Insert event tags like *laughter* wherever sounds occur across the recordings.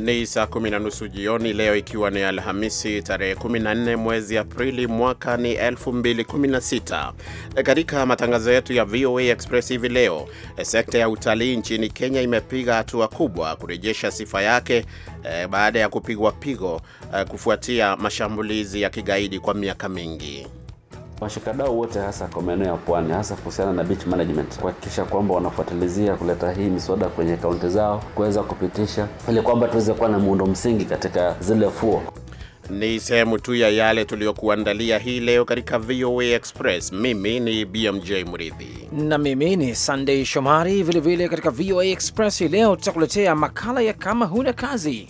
Ni saa kumi na nusu jioni leo, ikiwa ni Alhamisi tarehe 14 mwezi Aprili mwaka ni 2016. E, katika matangazo yetu ya VOA Express hivi leo, e, sekta ya utalii nchini Kenya imepiga hatua kubwa kurejesha sifa yake eh, baada ya kupigwa pigo eh, kufuatia mashambulizi ya kigaidi kwa miaka mingi washikadau wote hasa kwa maeneo ya pwani, hasa kuhusiana na beach management, kuhakikisha kwamba wanafuatilizia kuleta hii miswada kwenye kaunti zao kuweza kupitisha, ili kwamba tuweze kuwa na muundo msingi katika zile fuo. Ni sehemu tu ya yale tuliyokuandalia hii leo katika VOA Express. Mimi ni BMJ Mridhi na mimi ni sandey Shomari. Vilevile katika VOA Express hii leo tutakuletea makala ya kama huna kazi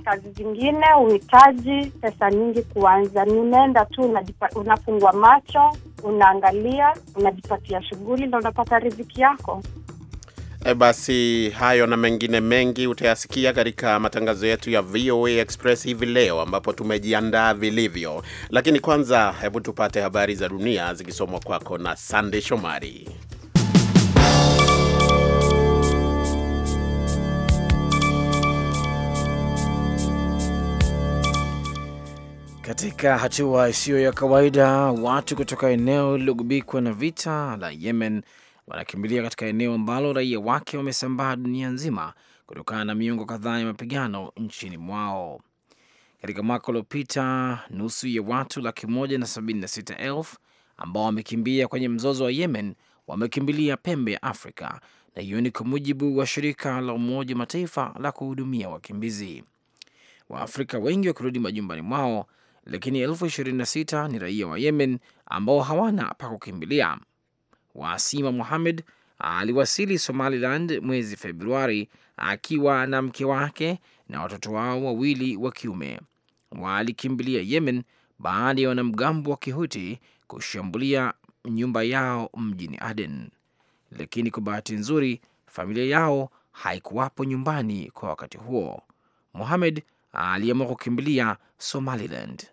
kazi zingine uhitaji pesa nyingi kuanza. Ni unaenda tu unafungua macho, unaangalia, unajipatia shughuli na unapata riziki yako. E, basi hayo na mengine mengi utayasikia katika matangazo yetu ya VOA Express hivi leo, ambapo tumejiandaa vilivyo. Lakini kwanza, hebu tupate habari za dunia zikisomwa kwako na sandey Shomari. Katika hatua isiyo ya kawaida, watu kutoka eneo lililogubikwa na vita la Yemen wanakimbilia katika eneo ambalo raia wake wamesambaa dunia nzima kutokana na miongo kadhaa ya mapigano nchini mwao. Katika mwaka uliopita nusu ya watu laki moja na sabini na sita elfu ambao wamekimbia kwenye mzozo wa Yemen wamekimbilia pembe ya Afrika, na hiyo ni kwa mujibu wa shirika la Umoja wa Mataifa la kuhudumia wakimbizi. Waafrika wengi wakirudi majumbani mwao lakini elfu ni raia wa Yemen ambao hawana pa kukimbilia. Wasima Muhamed aliwasili Somaliland mwezi Februari akiwa na mke wake na watoto wao wawili wa kiume. Walikimbilia Yemen baada ya wanamgambo wa Kihuti kushambulia nyumba yao mjini Aden, lakini kwa bahati nzuri familia yao haikuwapo nyumbani kwa wakati huo. Mohamed aliamua kukimbilia Somaliland.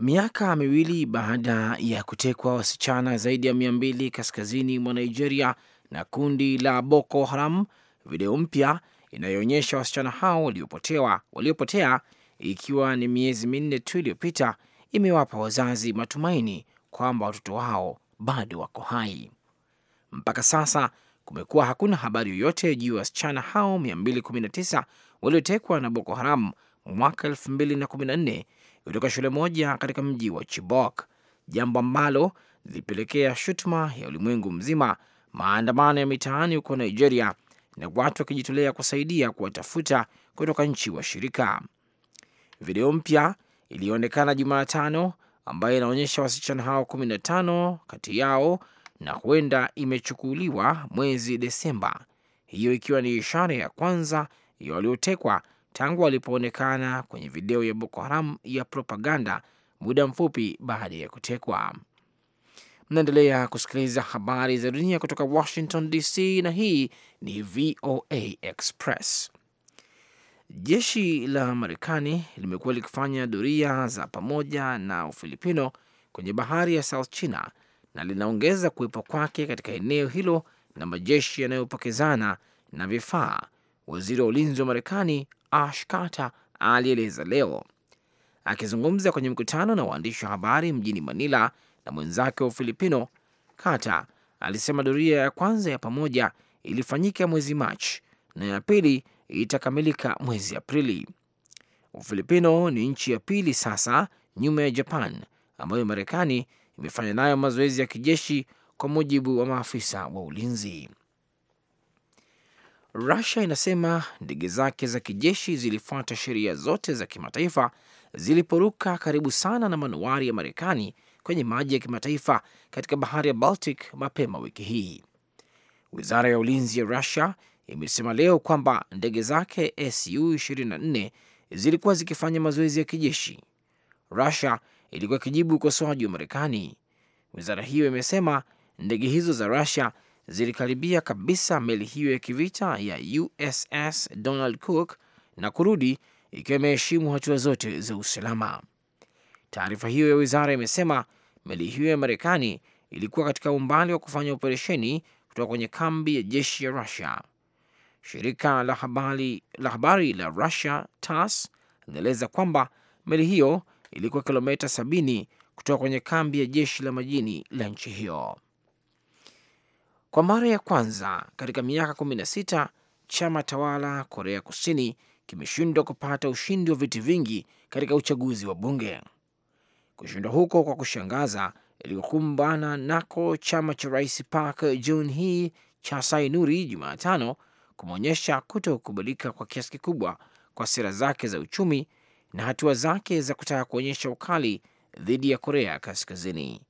Miaka miwili baada ya kutekwa wasichana zaidi ya mia mbili kaskazini mwa Nigeria na kundi la Boko Haram, video mpya inayoonyesha wasichana hao waliopotea waliopotea ikiwa ni miezi minne tu iliyopita imewapa wazazi matumaini kwamba watoto wao bado wako hai. Mpaka sasa kumekuwa hakuna habari yoyote juu ya wasichana hao 219 waliotekwa na Boko Haram mwaka 2014 kutoka shule moja katika mji wa Chibok, jambo ambalo lilipelekea shutuma ya ulimwengu mzima, maandamano ya mitaani huko Nigeria na watu wakijitolea kusaidia kuwatafuta kutoka nchi washirika. Video mpya iliyoonekana Jumatano ambayo inaonyesha wasichana hao 15 kati yao na huenda imechukuliwa mwezi Desemba, hiyo ikiwa ni ishara ya kwanza ya waliotekwa tangu walipoonekana kwenye video ya Boko Haram ya propaganda muda mfupi baada ya kutekwa. Mnaendelea kusikiliza habari za dunia kutoka Washington DC, na hii ni VOA Express. Jeshi la Marekani limekuwa likifanya doria za pamoja na Ufilipino kwenye bahari ya South China na linaongeza kuwepo kwake katika eneo hilo na majeshi yanayopokezana na vifaa, waziri wa ulinzi wa Marekani Ash ah, Carter alieleza leo akizungumza kwenye mkutano na waandishi wa habari mjini Manila na mwenzake wa Ufilipino. Carter alisema doria ya kwanza ya pamoja ilifanyika mwezi Machi na ya pili itakamilika mwezi Aprili. Ufilipino ni nchi ya pili sasa nyuma ya Japan ambayo Marekani imefanya nayo mazoezi ya kijeshi, kwa mujibu wa maafisa wa ulinzi. Rusia inasema ndege zake za kijeshi zilifuata sheria zote za kimataifa ziliporuka karibu sana na manuari ya Marekani kwenye maji ya kimataifa katika bahari ya Baltic mapema wiki hii. Wizara ya ulinzi ya Rusia imesema leo kwamba ndege zake su 24 zilikuwa zikifanya mazoezi ya kijeshi. Rusia ilikuwa ikijibu ukosoaji wa Marekani. Wizara hiyo imesema ndege hizo za Rusia zilikaribia kabisa meli hiyo ya kivita ya USS Donald Cook na kurudi ikiwa imeheshimu hatua zote za usalama. Taarifa hiyo ya wizara imesema meli hiyo ya Marekani ilikuwa katika umbali wa kufanya operesheni kutoka kwenye kambi ya jeshi ya Rusia. Shirika la habari la Russia TASS linaeleza kwamba meli hiyo ilikuwa kilomita 70 kutoka kwenye kambi ya jeshi la majini la nchi hiyo. Kwa mara ya kwanza katika miaka 16 chama tawala Korea Kusini kimeshindwa kupata ushindi wa viti vingi katika uchaguzi wa bunge. Kushindwa huko kwa kushangaza ilikumbana nako chama cha rais Park jun hi cha Sainuri Jumatano kumeonyesha kutokubalika kwa kiasi kikubwa kwa sera zake za uchumi na hatua zake za kutaka kuonyesha ukali dhidi ya Korea Kaskazini.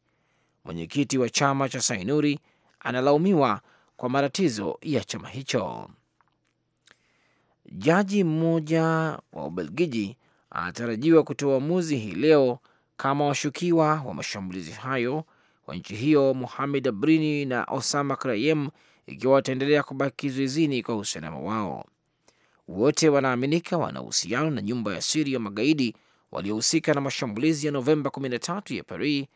Mwenyekiti wa chama cha Sainuri analaumiwa kwa matatizo ya chama hicho. Jaji mmoja wa Ubelgiji anatarajiwa kutoa uamuzi hii leo kama washukiwa wa mashambulizi hayo wa nchi hiyo Muhamed Abrini na Osama Krayem ikiwa wataendelea kubaki kizuizini kwa usalama wao. Wote wanaaminika wana uhusiano na nyumba ya siri ya magaidi waliohusika na mashambulizi ya Novemba 13 ya Paris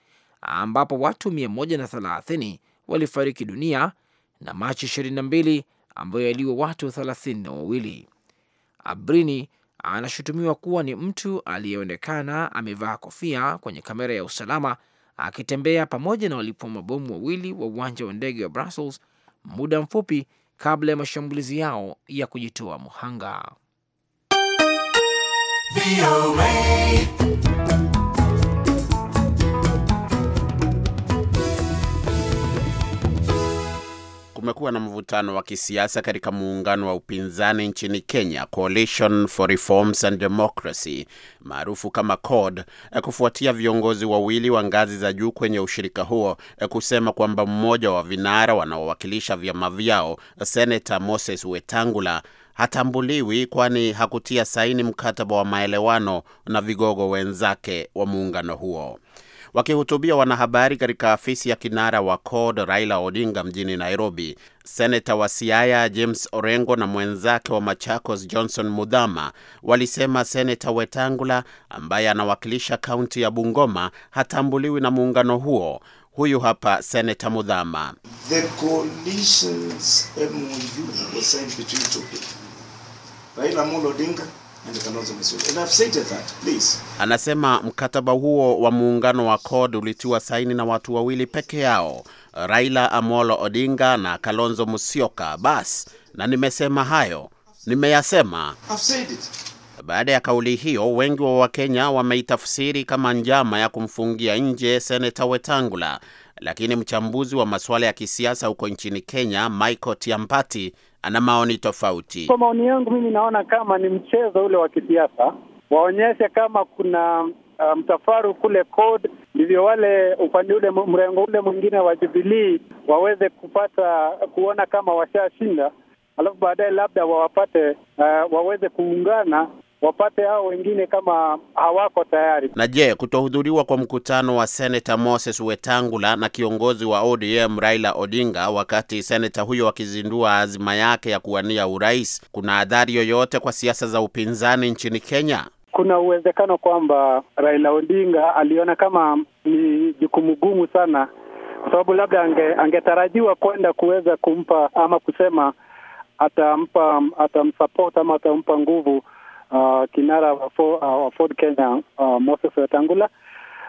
ambapo watu 130 walifariki dunia na Machi 22 ambayo yaliwa watu thelathini na wawili. Abrini anashutumiwa kuwa ni mtu aliyeonekana amevaa kofia kwenye kamera ya usalama akitembea pamoja na walipo mabomu wawili wa uwanja wa ndege wa Brussels muda mfupi kabla ya mashambulizi yao ya kujitoa muhanga. kumekuwa na mvutano wa kisiasa katika muungano wa upinzani nchini Kenya, Coalition for Reforms and Democracy maarufu kama CORD, kufuatia viongozi wawili wa ngazi za juu kwenye ushirika huo kusema kwamba mmoja wa vinara wanaowakilisha vyama vyao, Senata Moses Wetangula, hatambuliwi kwani hakutia saini mkataba wa maelewano na vigogo wenzake wa muungano huo. Wakihutubia wanahabari katika afisi ya kinara wa CORD Raila Odinga mjini Nairobi, seneta wa Siaya James Orengo na mwenzake wa Machakos Johnson Mudhama walisema seneta Wetangula ambaye anawakilisha kaunti ya Bungoma hatambuliwi na muungano huo. Huyu hapa seneta Mudhama. The coalition's MOU was signed between two people. Raila Odinga Anasema mkataba huo wa muungano wa CORD ulitiwa saini na watu wawili peke yao, Raila Amolo Odinga na Kalonzo Musyoka. Bas, na nimesema hayo, nimeyasema. Baada ya kauli hiyo, wengi wa Wakenya wameitafsiri kama njama ya kumfungia nje seneta Wetangula, lakini mchambuzi wa masuala ya kisiasa huko nchini Kenya, Michael Tiampati ana maoni tofauti. Kwa maoni yangu mimi naona kama ni mchezo ule wa kisiasa, waonyeshe kama kuna uh, mtafaru um, kule code, ndivyo wale upande ule mrengo ule mwingine wa Jubilii waweze kupata kuona kama washashinda, alafu baadaye labda wawapate uh, waweze kuungana wapate hao wengine kama hawako tayari. Na je, kutohudhuriwa kwa mkutano wa seneta Moses Wetangula na kiongozi wa ODM Raila Odinga wakati senata huyo akizindua azima yake ya kuwania urais kuna adhari yoyote kwa siasa za upinzani nchini Kenya? Kuna uwezekano kwamba Raila Odinga aliona kama ni jukumu gumu sana, kwa sababu labda ange, angetarajiwa kwenda kuweza kumpa ama kusema atampa atamsupport ama atampa nguvu uh, kinara wa Ford, uh, Ford Kenya uh, Moses Wetangula,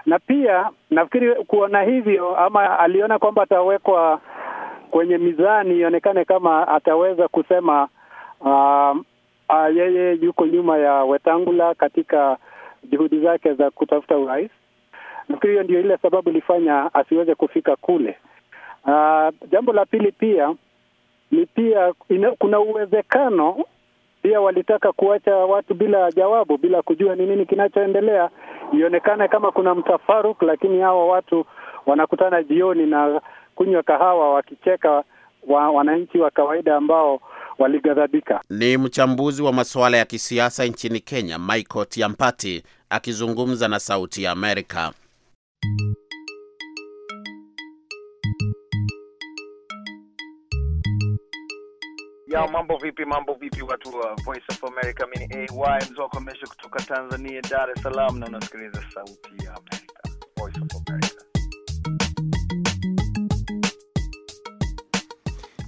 na pia nafikiri kuona hivyo ama aliona kwamba atawekwa kwenye mizani ionekane kama ataweza kusema uh, uh, yeye yuko nyuma ya Wetangula katika juhudi zake za kutafuta urais. Nafikiri hiyo ndio ile sababu ilifanya asiweze kufika kule. Uh, jambo la pili pia ni ina, kuna uwezekano pia walitaka kuacha watu bila jawabu, bila kujua ni nini kinachoendelea, ionekane kama kuna mtafaruk, lakini hawa watu wanakutana jioni na kunywa kahawa wakicheka, wa, wananchi wa kawaida ambao walighadhabika. Ni mchambuzi wa masuala ya kisiasa nchini Kenya, Michael Tiampati akizungumza na Sauti ya Amerika. ya mambo vipi, mambo vipi watu wa Voice of America, mini AY mzokomesho kutoka Tanzania, Dar es Salaam, na unasikiliza sauti ya America, Voice of America.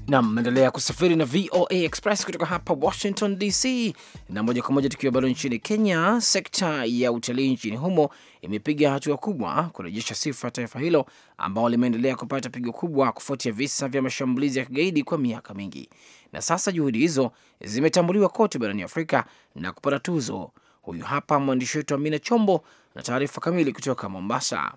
Nam, naendelea kusafiri na VOA Express kutoka hapa Washington DC, na moja kwa moja tukiwa bado nchini Kenya. Sekta ya utalii nchini humo imepiga hatua kubwa kurejesha sifa ya taifa hilo ambao limeendelea kupata pigo kubwa kufuatia visa vya mashambulizi ya kigaidi kwa miaka mingi, na sasa juhudi hizo zimetambuliwa kote barani Afrika na kupata tuzo. Huyu hapa mwandishi wetu Amina Chombo na taarifa kamili kutoka Mombasa.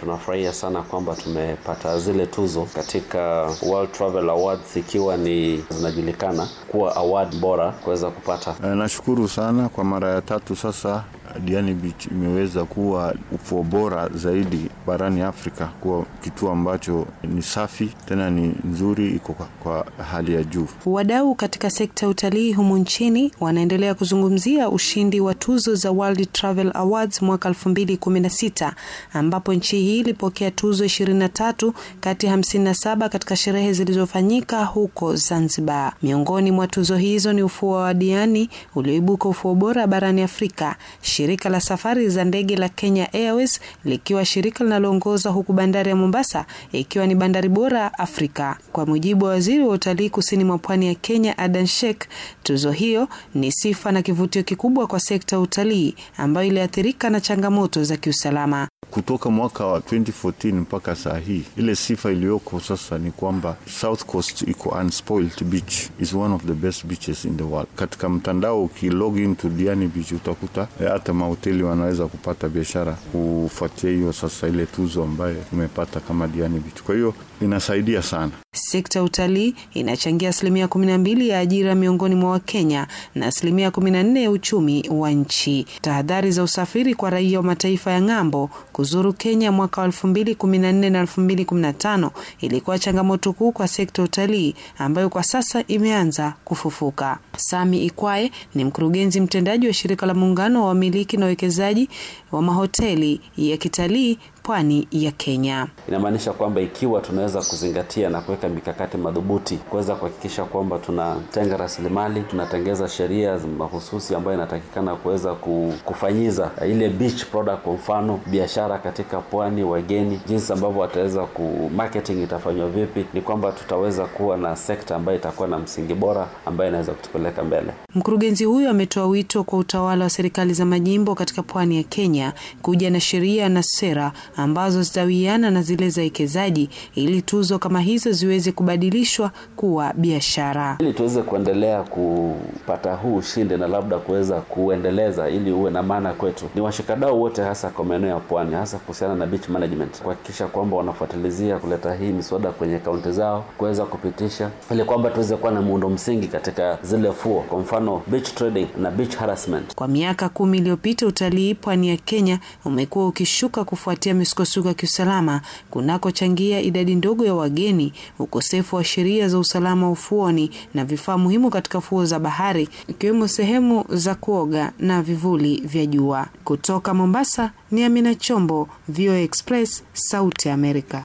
Tunafurahia sana kwamba tumepata zile tuzo katika World Travel Awards, ikiwa ni zinajulikana kuwa award bora kuweza kupata. Eh, nashukuru sana kwa mara ya tatu sasa Diani Beach imeweza kuwa ufuo bora zaidi barani Afrika, kuwa kituo ambacho ni safi tena ni nzuri, iko kwa, kwa hali ya juu. Wadau katika sekta ya utalii humu nchini wanaendelea kuzungumzia ushindi wa tuzo za World Travel Awards mwaka 2016 ambapo nchi hii ilipokea tuzo 23 kati ya 57 katika sherehe zilizofanyika huko Zanzibar. Miongoni mwa tuzo hizo ni ufuo wa Diani ulioibuka ufuo bora barani Afrika shirika la safari za ndege la Kenya Airways likiwa shirika linaloongoza huku bandari ya Mombasa ikiwa ni bandari bora Afrika. Kwa mujibu wa waziri wa utalii kusini mwa pwani ya Kenya Adan Sheikh, tuzo hiyo ni sifa na kivutio kikubwa kwa sekta ya utalii ambayo iliathirika na changamoto za kiusalama kutoka mwaka wa 2014 mpaka saa hii, ile sifa iliyoko sasa ni kwamba South Coast iko unspoiled beach is one of the best beaches in the world. Katika mtandao ukilog to Diani Beach utakuta eh, At hata mahoteli wanaweza kupata biashara kufuatia hiyo sasa ile tuzo ambayo tumepata kama Diani vitu Kwa hiyo inasaidia sana. Sekta ya utalii inachangia asilimia kumi na mbili ya ajira miongoni mwa Wakenya na asilimia kumi na nne ya uchumi wa nchi. Tahadhari za usafiri kwa raia wa mataifa ya ng'ambo kuzuru Kenya mwaka wa elfu mbili kumi na nne na elfu mbili kumi na tano ilikuwa changamoto kuu kwa sekta ya utalii ambayo kwa sasa imeanza kufufuka. Sami ikwae ni mkurugenzi mtendaji wa shirika la muungano wa wamiliki na wawekezaji wa mahoteli ya kitalii pwani ya Kenya. Inamaanisha kwamba ikiwa tunaweza kuzingatia na kuweka mikakati madhubuti kuweza kuhakikisha kwamba tunatenga rasilimali, tunatengeza sheria mahususi ambayo inatakikana kuweza kufanyiza ile beach product, kwa mfano biashara katika pwani, wageni, jinsi ambavyo wataweza ku marketing itafanywa vipi, ni kwamba tutaweza kuwa na sekta ambayo itakuwa na msingi bora ambayo inaweza kutupeleka mbele. Mkurugenzi huyu ametoa wito kwa utawala wa serikali za majimbo katika pwani ya Kenya kuja na sheria na sera ambazo zitawiana na zile za wekezaji ili tuzo kama hizo ziweze kubadilishwa kuwa biashara, ili tuweze kuendelea kupata huu ushindi na labda kuweza kuendeleza ili uwe na maana kwetu. Ni washikadao wote, hasa kwa maeneo ya pwani, hasa kuhusiana na beach management, kuhakikisha kwamba wanafuatilizia kuleta hii miswada kwenye kaunti zao kuweza kupitisha, ili kwamba tuweze kuwa na muundo msingi katika zile fuo, kwa mfano beach trading na beach harassment. Kwa miaka kumi iliyopita utalii pwani ya Kenya umekuwa ukishuka kufuatia UNESCO Suga Kiusalama kunakochangia idadi ndogo ya wageni, ukosefu wa sheria za usalama wa ufuoni na vifaa muhimu katika fuo za bahari ikiwemo sehemu za kuoga na vivuli vya jua. Kutoka Mombasa ni Amina Chombo, VOA Express, Sauti ya Amerika.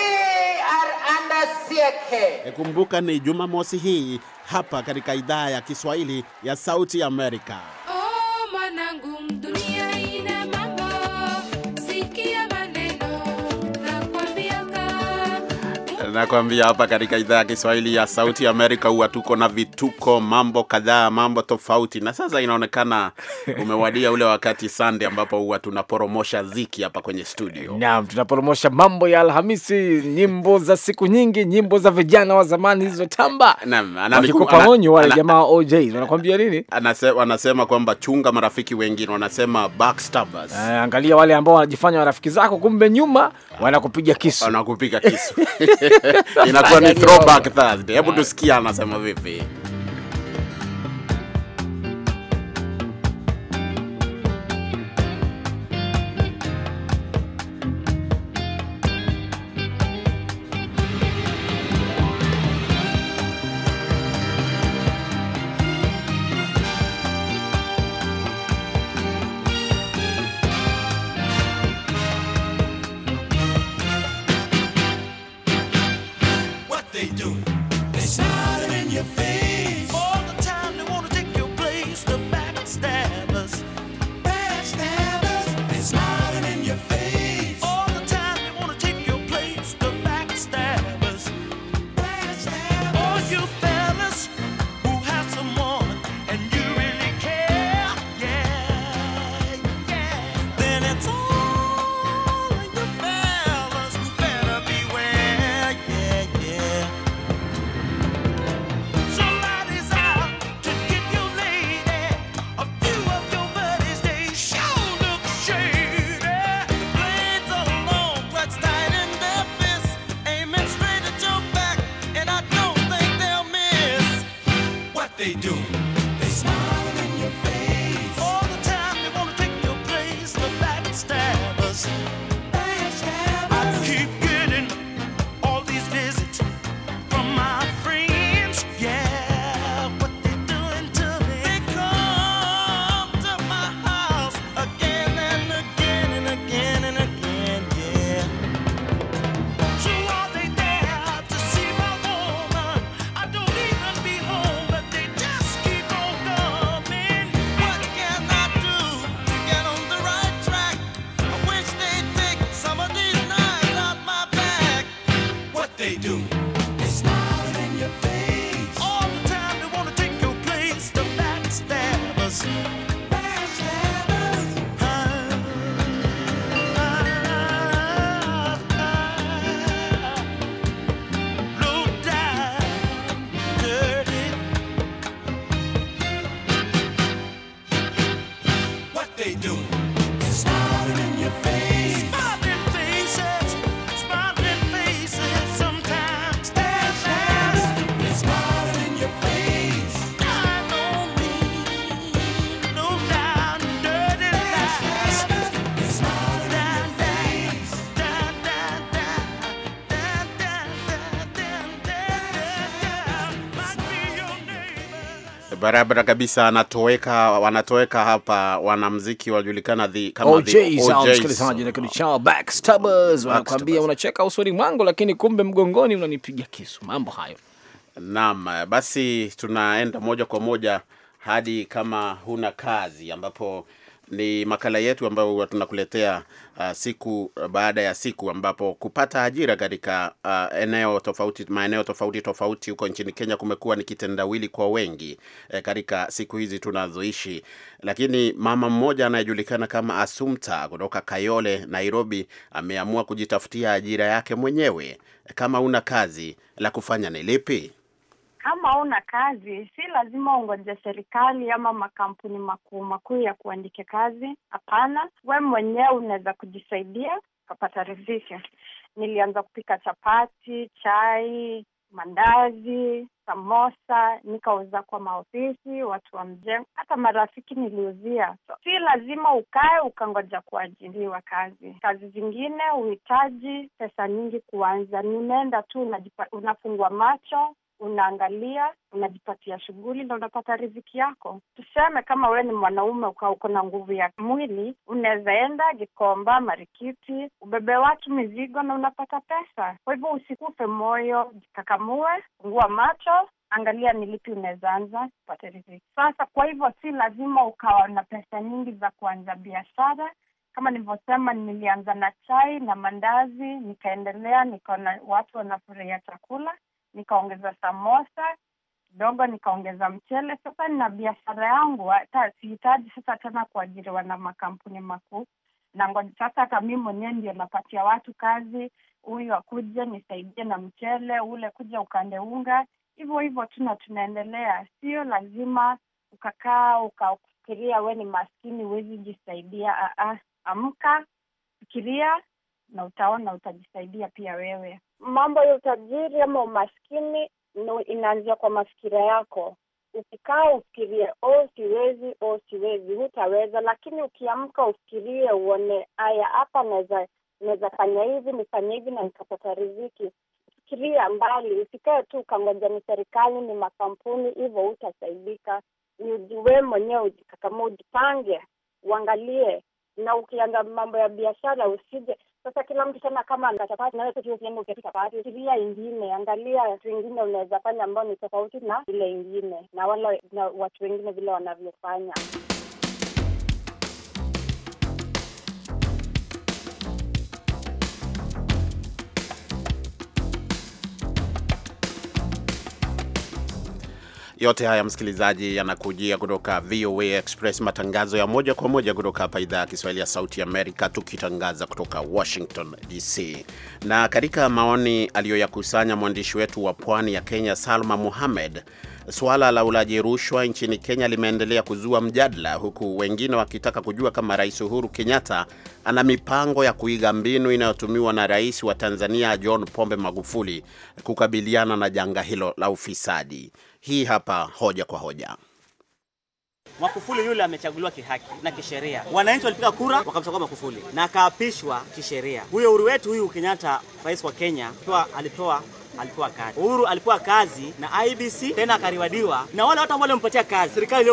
yake. Kumbuka ni Jumamosi hii hapa katika idhaa ya Kiswahili ya Sauti Amerika. Nakwambia hapa katika idhaa ya Kiswahili ya Sauti Amerika huwa tuko na vituko, mambo kadhaa, mambo tofauti, na sasa inaonekana umewadia ule wakati sande ambapo huwa tunaporomosha ziki hapa kwenye studio. Naam, tunaporomosha mambo ya Alhamisi, nyimbo za siku nyingi, nyimbo za vijana wa zamani zilizotamba. Naam, onyo wale jamaa OJ wanakwambia nini? Wanasema kwamba chunga marafiki wengine, wanasema backstabbers. Eh, angalia wale ambao wanajifanya marafiki zako, kumbe nyuma wanakupiga kisu, wanakupiga kisu *laughs* inakuwa ni throwback Thursday. Hebu tusikia anasema vipi. barabara kabisa, anatoweka wanatoweka hapa wanamziki wajulikana the kama na kitu chao Backstabbers wanakuambia unacheka usoni mwangu, lakini kumbe mgongoni unanipiga kisu. Mambo hayo. Naam, basi tunaenda moja kwa moja hadi kama huna kazi ambapo ni makala yetu ambayo tunakuletea uh, siku uh, baada ya siku, ambapo kupata ajira katika uh, eneo tofauti, maeneo tofauti tofauti huko nchini Kenya kumekuwa ni kitendawili kwa wengi eh, katika siku hizi tunazoishi. Lakini mama mmoja anayejulikana kama Asumta kutoka Kayole, Nairobi, ameamua kujitafutia ajira yake mwenyewe. Kama una kazi la kufanya ni lipi? kama una kazi, si lazima ungoje serikali ama makampuni makuu makuu ya kuandike kazi. Hapana, we mwenyewe unaweza kujisaidia ukapata riziki. Nilianza kupika chapati, chai, mandazi, samosa, nikauza kwa maofisi, watu wa mjengo, hata marafiki niliuzia. So, si lazima ukae ukangoja kuajiliwa kazi. Kazi zingine uhitaji pesa nyingi kuanza, nimeenda tu unafungua macho unaangalia, unajipatia shughuli na unapata riziki yako. Tuseme kama wewe ni mwanaume ukawa uko na nguvu ya mwili, unaweza enda Gikomba, Marikiti, ubebe watu mizigo na unapata pesa. Kwa hivyo usikupe moyo, jikakamue, fungua macho, angalia ni lipi unaweza anza upate riziki. Sasa kwa hivyo si lazima ukawa na pesa nyingi za kuanza biashara. Kama nilivyosema, nilianza na chai na mandazi, nikaendelea, nikaona watu wanafurahia chakula, nikaongeza samosa kidogo, nikaongeza mchele. Sasa nina biashara yangu, hata sihitaji sasa tena kuajiriwa na makampuni makuu na ngoja sasa, hata mi mwenyewe ndio napatia watu kazi, huyu akuje nisaidie na mchele ule, kuja ukande unga, hivyo hivyo tuna tunaendelea. Sio lazima ukakaa ukafikiria we ni maskini huwezi jisaidia. Ah, ah, amka, fikiria na utaona utajisaidia pia wewe mambo ya utajiri ama umaskini no, inaanzia kwa mafikira yako. Ukikaa ufikirie oh, siwezi, oh, siwezi, hutaweza. Lakini ukiamka ufikirie, uone haya, hapa naweza naweza fanya hivi, nifanye hivi na nikapata riziki. Fikiria mbali, usikae tu ukangoja ni serikali, ni makampuni, hivyo hutasaidika. Ni mwenyewe, ujikakama ujipange, uangalie. Na ukianza mambo ya biashara, usije sasa kila mtu tena, kama wewe nawe ukienda ukipika pati, fikiria ingine, angalia watu wengine unaweza fanya ambao ni tofauti na ile ingine, na wala na watu wengine vile wanavyofanya. Yote haya msikilizaji, yanakujia kutoka VOA Express, matangazo ya moja kwa moja kutoka hapa idhaa ya Kiswahili ya Sauti Amerika, tukitangaza kutoka Washington DC. Na katika maoni aliyoyakusanya mwandishi wetu wa pwani ya Kenya, Salma Muhamed, suala la ulaji rushwa nchini Kenya limeendelea kuzua mjadala, huku wengine wakitaka kujua kama Rais Uhuru Kenyatta ana mipango ya kuiga mbinu inayotumiwa na rais wa Tanzania John Pombe Magufuli kukabiliana na janga hilo la ufisadi. Hii hapa hoja kwa hoja. Makufuli yule amechaguliwa kihaki na kisheria, wananchi walipiga kura wakamchagua Makufuli na akaapishwa kisheria. Huyo uhuru wetu huyu Kenyatta, rais wa Kenya, alipewa alipewa kazi, Uhuru alipewa kazi na IBC tena akariwadiwa, na wale watu ambao walimpatia kazi serikali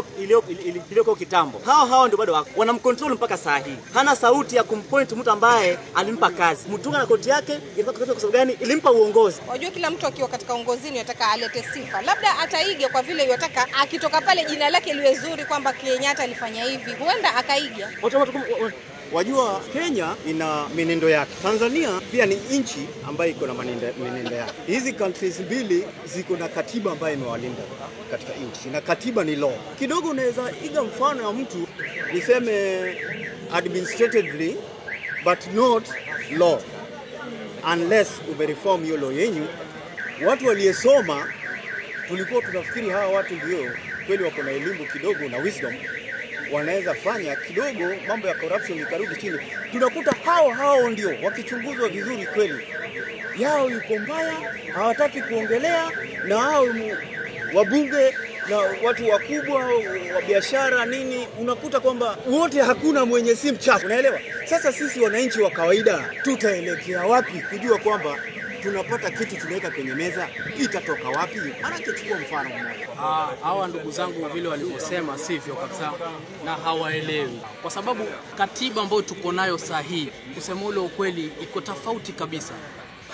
iliyoko kitambo, hao hao ndio bado wako wanamcontrol mpaka saa hii. Hana sauti ya kumpoint mtu ambaye alimpa kazi. Mtunga na koti yake ilikuwa kwa sababu gani? Ilimpa uongozi. Wajua kila mtu akiwa katika uongozi anataka alete sifa, labda ataiga kwa vile yataka, akitoka pale jina lake liwe zuri kwamba Kenyatta alifanya hivi, huenda akaiga watu, watu. Wajua, Kenya ina menendo yake, Tanzania pia ni nchi ambayo iko na menendo yake. Hizi countries mbili ziko na katiba ambayo imewalinda katika nchi, na katiba ni law. Kidogo unaweza iga mfano ya mtu niseme administratively but not law unless umereform hiyo law yenyu. Watu waliyesoma tulikuwa tunafikiri hawa watu ndio kweli wako na elimu kidogo na wisdom wanaweza fanya kidogo mambo ya corruption ikarudi chini. Tunakuta hao hao ndio wakichunguzwa vizuri kweli, yao yuko mbaya, hawataki kuongelea na hao wabunge na watu wakubwa wa biashara nini, unakuta kwamba wote hakuna mwenye si mchafu, unaelewa? Sasa sisi wananchi wa kawaida tutaelekea wapi kujua kwamba tunapata kitu tunaweka kwenye meza, itatoka wapi? Maanake chukua mfano mmoja. Ah, hawa ndugu zangu vile walivyosema sivyo kabisa, na hawaelewi kwa sababu katiba ambayo tuko nayo saa hii kusema ule ukweli, iko tofauti kabisa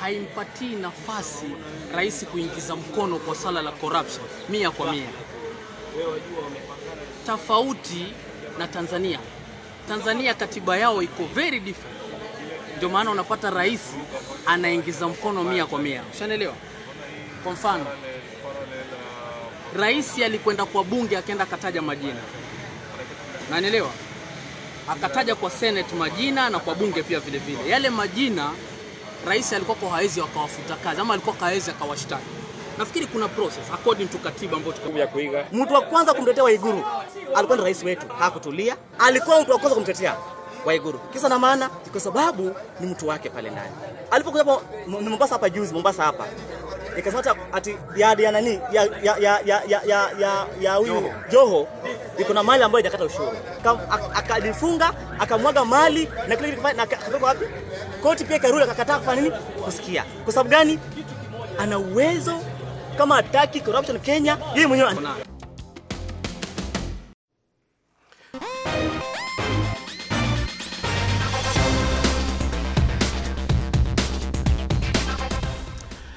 haimpatii nafasi rais kuingiza mkono kwa sala la corruption mia kwa mia, tofauti na Tanzania. Tanzania katiba yao iko very different. Ndio maana unapata rais anaingiza mkono mia kwa mia, ushanielewa? Kwa mfano rais alikwenda kwa bunge akaenda akataja majina, nanielewa, akataja kwa senate majina na kwa bunge pia vile vile. Yale majina rais alikuwa hawezi akawafuta kazi ama alikuwa hawezi akawashtaki. Nafikiri kuna process according to katiba ambayo ya kuiga. Mtu wa kwanza kumtetea Waiguru alikuwa ni rais wetu, hakutulia, alikuwa mtu wa kwanza kumtetea Waiguru. Kisa na maana kwa sababu ni mtu wake pale ndani. Alipokuja ni Mombasa hapa juzi, Mombasa hapa. Nikasema ati ya ya nani ya ya ya ya ya ya, ya, ya huyu Joho iko na mali ambayo haijakata ushuru. Akalifunga, akamwaga mali na kile kifanya na kapeleka wapi? Koti pia karudi akakataa kufanya nini? Kusikia. Kwa sababu gani? Ana uwezo kama ataki corruption Kenya, yeye mwenyewe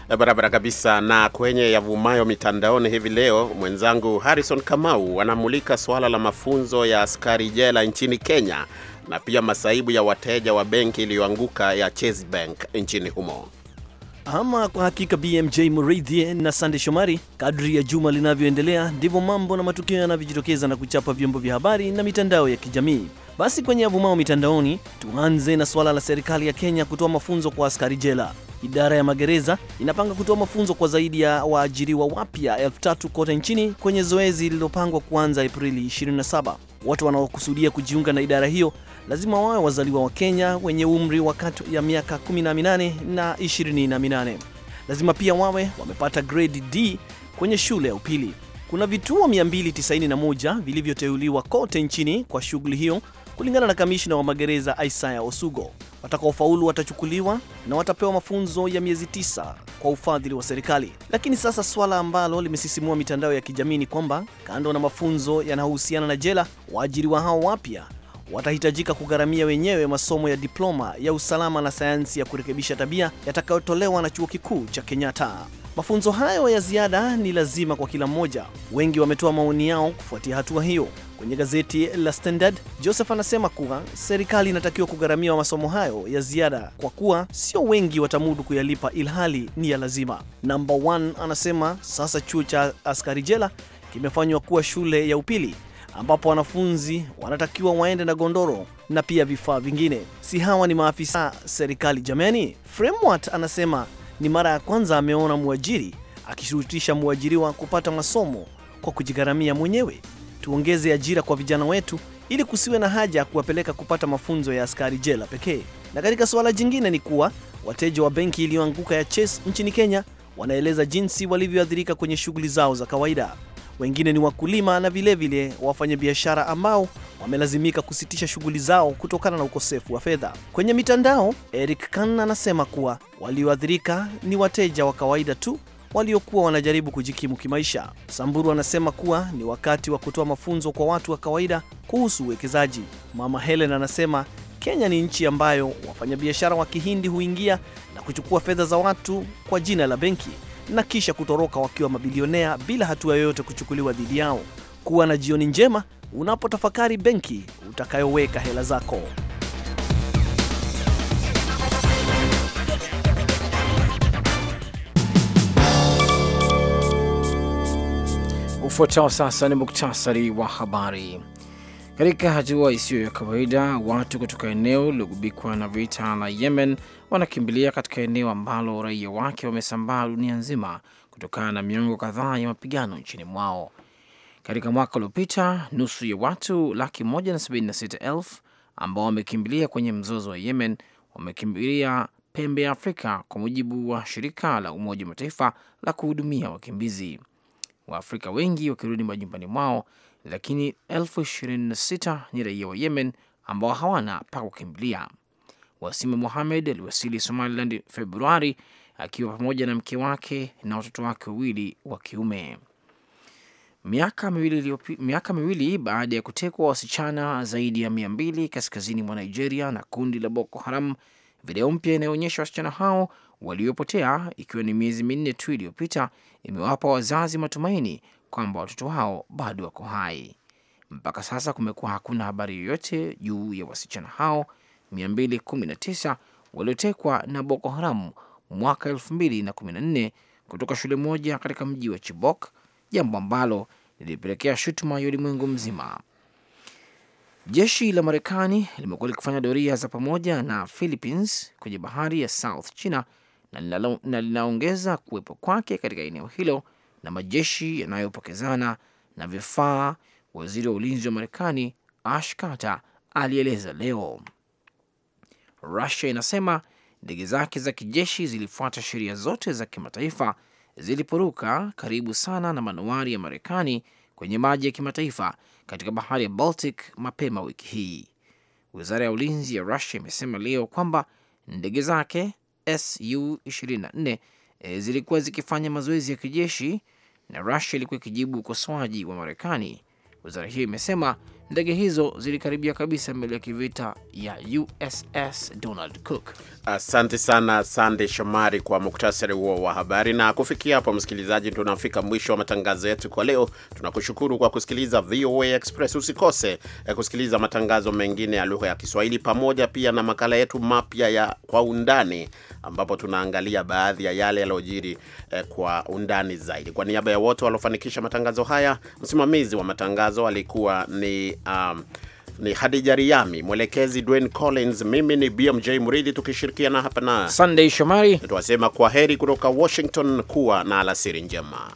Eh, barabara kabisa. Na kwenye yavumayo mitandaoni hivi leo, mwenzangu Harrison Kamau anamulika suala la mafunzo ya askari jela nchini Kenya na pia masaibu ya wateja wa benki iliyoanguka ya Chase Bank nchini humo. Ama kwa hakika BMJ Muridhi na Sande Shomari, kadri ya juma linavyoendelea ndivyo mambo na matukio yanavyojitokeza na kuchapa vyombo vya habari na mitandao ya kijamii. Basi kwenye avumao mitandaoni, tuanze na suala la serikali ya Kenya kutoa mafunzo kwa askari jela. Idara ya magereza inapanga kutoa mafunzo kwa zaidi ya waajiriwa wapya elfu tatu kote nchini kwenye zoezi lililopangwa kuanza Aprili 27. Watu wanaokusudia kujiunga na idara hiyo lazima wawe wazaliwa wa Kenya wenye umri wa kati ya miaka 18 na 28. Lazima pia wawe wamepata grade D kwenye shule ya upili. Kuna vituo 291 vilivyoteuliwa kote nchini kwa shughuli hiyo kulingana na kamishna wa magereza Isaya Osugo. Watakaofaulu watachukuliwa na watapewa mafunzo ya miezi tisa kwa ufadhili wa serikali. Lakini sasa suala ambalo limesisimua mitandao ya kijamii ni kwamba kando na mafunzo yanayohusiana na jela, waajiriwa hao wapya watahitajika kugharamia wenyewe masomo ya diploma ya usalama na sayansi ya kurekebisha tabia yatakayotolewa na chuo kikuu cha Kenyatta. Mafunzo hayo ya ziada ni lazima kwa kila mmoja. Wengi wametoa maoni yao kufuatia hatua hiyo. Kwenye gazeti la Standard, Joseph anasema kuwa serikali inatakiwa kugharamia masomo hayo ya ziada kwa kuwa sio wengi watamudu kuyalipa, ilhali ni ya lazima. Number one anasema sasa chuo cha askari jela kimefanywa kuwa shule ya upili ambapo wanafunzi wanatakiwa waende na gondoro na pia vifaa vingine. Si hawa ni maafisa serikali jameni? Fremwat anasema ni mara ya kwanza ameona mwajiri akishurutisha mwajiriwa kupata masomo kwa kujigharamia mwenyewe. Tuongeze ajira kwa vijana wetu ili kusiwe na haja ya kuwapeleka kupata mafunzo ya askari jela pekee. Na katika suala jingine ni kuwa wateja wa benki iliyoanguka ya Chase nchini Kenya wanaeleza jinsi walivyoathirika kwenye shughuli zao za kawaida wengine ni wakulima na vilevile wafanyabiashara ambao wamelazimika kusitisha shughuli zao kutokana na ukosefu wa fedha. Kwenye mitandao, Eric kan anasema kuwa walioathirika ni wateja wa kawaida tu waliokuwa wanajaribu kujikimu kimaisha. Samburu anasema kuwa ni wakati wa kutoa mafunzo kwa watu wa kawaida kuhusu uwekezaji. Mama Helen anasema Kenya ni nchi ambayo wafanyabiashara wa Kihindi huingia na kuchukua fedha za watu kwa jina la benki na kisha kutoroka wakiwa mabilionea bila hatua yoyote kuchukuliwa dhidi yao. Kuwa na jioni njema unapotafakari benki utakayoweka hela zako. Ufuatao sasa ni muktasari wa habari. Katika hatua isiyo ya kawaida, watu kutoka eneo lilogubikwa na vita la Yemen wanakimbilia katika eneo ambalo raia wake wamesambaa dunia nzima kutokana na miongo kadhaa ya mapigano nchini mwao. Katika mwaka uliopita, nusu ya watu laki moja na sabini na sita elfu ambao wamekimbilia kwenye mzozo wa Yemen wamekimbilia pembe ya Afrika, kwa mujibu wa shirika la Umoja wa Mataifa la kuhudumia wakimbizi. Waafrika wengi wakirudi majumbani mwao lakini elfu ishirini na sita ni raia wa Yemen ambao hawana pa kukimbilia. Wasima Mohamed aliwasili Somaliland Februari akiwa pamoja na mke wake na watoto wake wawili wa kiume. Miaka miwili, miaka miwili baada ya kutekwa wasichana zaidi ya mia mbili kaskazini mwa Nigeria na kundi la Boko Haram, video mpya inayoonyesha wasichana hao waliopotea ikiwa ni miezi minne tu iliyopita imewapa wazazi matumaini kwamba watoto hao bado wako hai. Mpaka sasa kumekuwa hakuna habari yoyote juu ya wasichana hao 219 waliotekwa na Boko Haram mwaka 2014 kutoka shule moja katika mji wa Chibok, jambo ambalo lilipelekea shutuma ya ulimwengu mzima. Jeshi la Marekani limekuwa likifanya doria za pamoja na Philippines kwenye bahari ya South China na linaongeza kuwepo kwake katika eneo hilo na majeshi yanayopokezana na vifaa, waziri wa ulinzi wa Marekani Ash Carter alieleza leo. Rusia inasema ndege zake za kijeshi zilifuata sheria zote za kimataifa ziliporuka karibu sana na manuari ya Marekani kwenye maji ya kimataifa katika bahari ya Baltic mapema wiki hii. Wizara ya ulinzi ya Rusia imesema leo kwamba ndege zake Su 24 eh, zilikuwa zikifanya mazoezi ya kijeshi na Rusia ilikuwa ikijibu ukosoaji wa Marekani. Wizara hiyo imesema ndege hizo zilikaribia kabisa meli ya kivita ya USS Donald Cook. Asante sana Sande Shomari kwa muktasari huo wa habari. Na kufikia hapo, msikilizaji, tunafika mwisho wa matangazo yetu kwa leo. Tunakushukuru kwa kusikiliza VOA Express. Usikose eh, kusikiliza matangazo mengine ya lugha ya Kiswahili pamoja pia na makala yetu mapya ya Kwa Undani, ambapo tunaangalia baadhi ya yale yaliyojiri eh, kwa undani zaidi. Kwa niaba ya wote waliofanikisha matangazo haya, msimamizi wa matangazo alikuwa ni um, ni Hadija Riami, mwelekezi Dwayne Collins, mimi ni BMJ mridhi tukishirikiana hapa na Sunday Shomari, tunasema kwa heri kutoka Washington. Kuwa na alasiri njema.